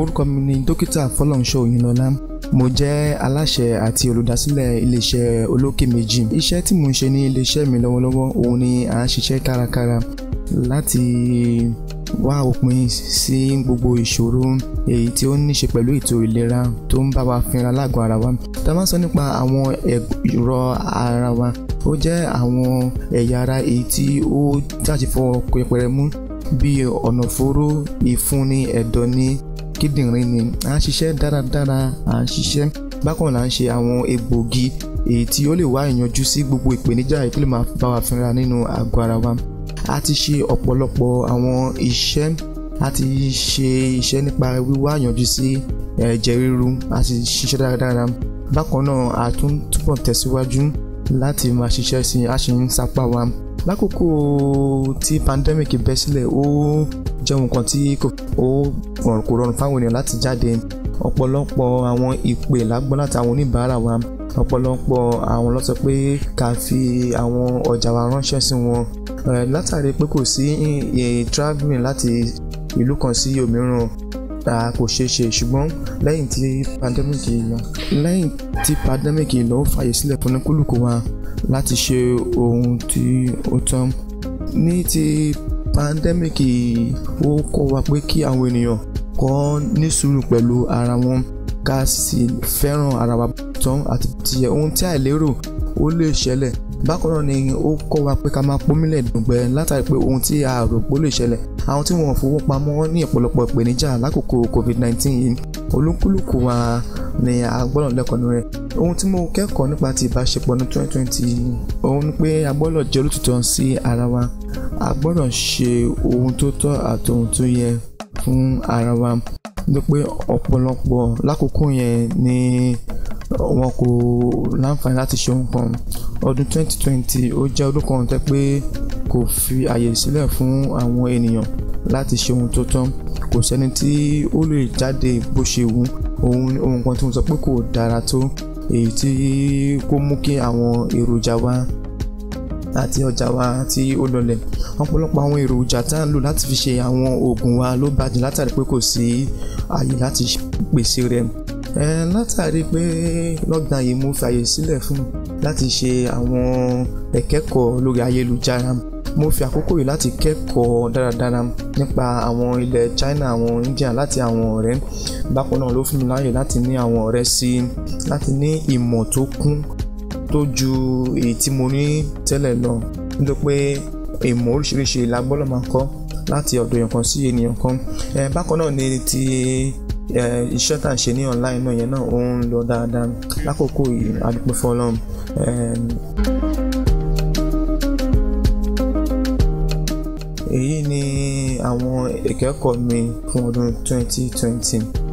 orúkọ mi ni dókítà fọlọ́nṣọ́ òyìnlọ́lá mo jẹ́ aláṣẹ àti olùdásílẹ̀ iléeṣẹ́ olókè méjì iṣẹ́ tí mo ń ṣe ní iléeṣẹ́ mi lọ́wọ́lọ́wọ́ òun ni à ń ṣiṣẹ́ kárakára láti wá òpin sí gbogbo ìṣòro èyí tí ó ní ṣe pẹ̀lú ètò ìlera tó ń bá wa fínra lágọ̀ọ́ ara wa tá a bá sọ nípa àwọn ẹ̀rọ ara wa ó jẹ́ àwọn ẹ̀yà ara èyí tí ó jáde fún ọkọ̀ ìpẹrẹ mú bíi ọ̀nàfóró ìfun ni ẹ̀dọ̀ ni kíndìnrín ni à ń ṣiṣẹ́ dáradára à ń ṣiṣẹ́ bákan là ń ṣe àwọn egbògi èyí tí ó lè wá ìyanjú sí gbogbo ìpèníjà èyí tó lè máa bá wa fínra nínú àgọ́ ara wa a ti ṣe ọ̀pọ̀lọpọ̀ àwọn iṣẹ́ a ti ṣe iṣẹ́ nípa wíwá ìyanjú sí ẹ̀jẹ̀ ríru a ti ṣiṣẹ́ dáradára bákan náà a tún túbọ̀ tẹ̀síwájú láti máa ṣiṣẹ́ sí i a ṣì ń sapá wa lákòókò tí pandemic bẹ́ sílẹ̀ ó jẹ́ nǹkan tí kò rọrùn fáwọn ènìyàn láti jáde ọ̀pọ̀lọpọ̀ àwọn ìpè lágbọ́n láti àwọn oníbàárà wa ọ̀pọ̀lọpọ̀ àwọn ló sọ pé ká fi àwọn ọjà wa ránṣẹ́ sí wọn látàrí pé kò sí travelling láti ìlú kan sí òmíràn kò ṣeé ṣe ṣùgbọ́n lẹ́yìn tí pandemic yìí lọ lẹ́yìn tí pandemic yìí lọ ó fàyè sílẹ̀ fún oníkúlùkù wa láti ṣe ohun tí ó tọ́ ní ti pandemic yìí ó kọ́ wa pé kí àwọn ènìyàn kọ́ ní sùúrù pẹ̀lú ara wọn ká sì fẹ́ràn ara wa tán àti tiẹ̀ ohun tí àìlérò ó lè ṣẹlẹ̀ bákan náà ni ó kọ́ wa pé ká máa pomílẹ̀ dùngbẹ́ látàrí pé ohun tí a rò pé ó lè ṣẹlẹ̀ àwọn tí wọ́n fowó ní ọ̀pọ̀lọpọ̀ ìpèníjà lákòókò covid-19 yìí olúkúlùkù wa ni a gbọ́dọ̀ lẹ́kọ̀ọ́ nínú rẹ̀ ohun tí mo kẹ́kọ̀ọ́ nípa ti ìbáṣepọ̀ ní 2020 òun ni pé a gbọ́dọ̀ jẹ́ olótùtọ́ sí ara wa a gbọ́dọ̀ ṣe ohun tó tọ́ àti ohun tó yẹ fún ara wa ni pé ọ̀pọ̀lọpọ̀ lákòókò yẹn ni wọn kò láǹfààní láti ṣe ohun kan ọdún 2020 ó jẹ́ ọdún kan tẹ́ pé kò fi àyè sílẹ̀ fún àwọn ènìyàn láti ṣe ohun tó tán kò sẹ́ni tí ó lè jáde bó ṣe wù ohun ohun kan tí mo sọ pé kò dára tó èyí tí kò mú kí àwọn èròjà wa àti ọjà wa tí ó lọlẹ̀ ọ̀pọ̀lọpọ̀ àwọn èròjà tá ń lò láti fi ṣe àwọn oògùn wa ló bàjẹ́ látàrí pé kò sí àyè láti pèsè rẹ̀ látàrí pé lockdown yìí mo fàyè sílẹ̀ fún láti ṣe àwọn ẹ̀kẹ́kọ̀ọ́ lórí ayélujára mo fi àkókò yìí láti kẹ́kọ̀ọ́ dáradára nípa àwọn ilẹ̀ China àwọn India láti àwọn ọ̀rẹ́ bákan náà ló fún mi láàyè láti ní àwọn ọ̀rẹ́ sí i láti ní ìmọ̀ tó kún tó ju èyí tí mo ní tẹ́lẹ̀ lọ nítorí pé ìmọ̀ oríṣiríṣi la máa kọ́ láti ọ̀dọ̀ èèyàn kan sí ènìyàn kan bákan náà ni ti iṣẹ́ tá a ṣe ní online náà yẹn náà ó ń lọ dáadáa lákòókò yìí adúpẹ́ fọlọ́run. èyí ni àwọn ìkẹ́kọ̀ọ́ mi fún ọdún 2020.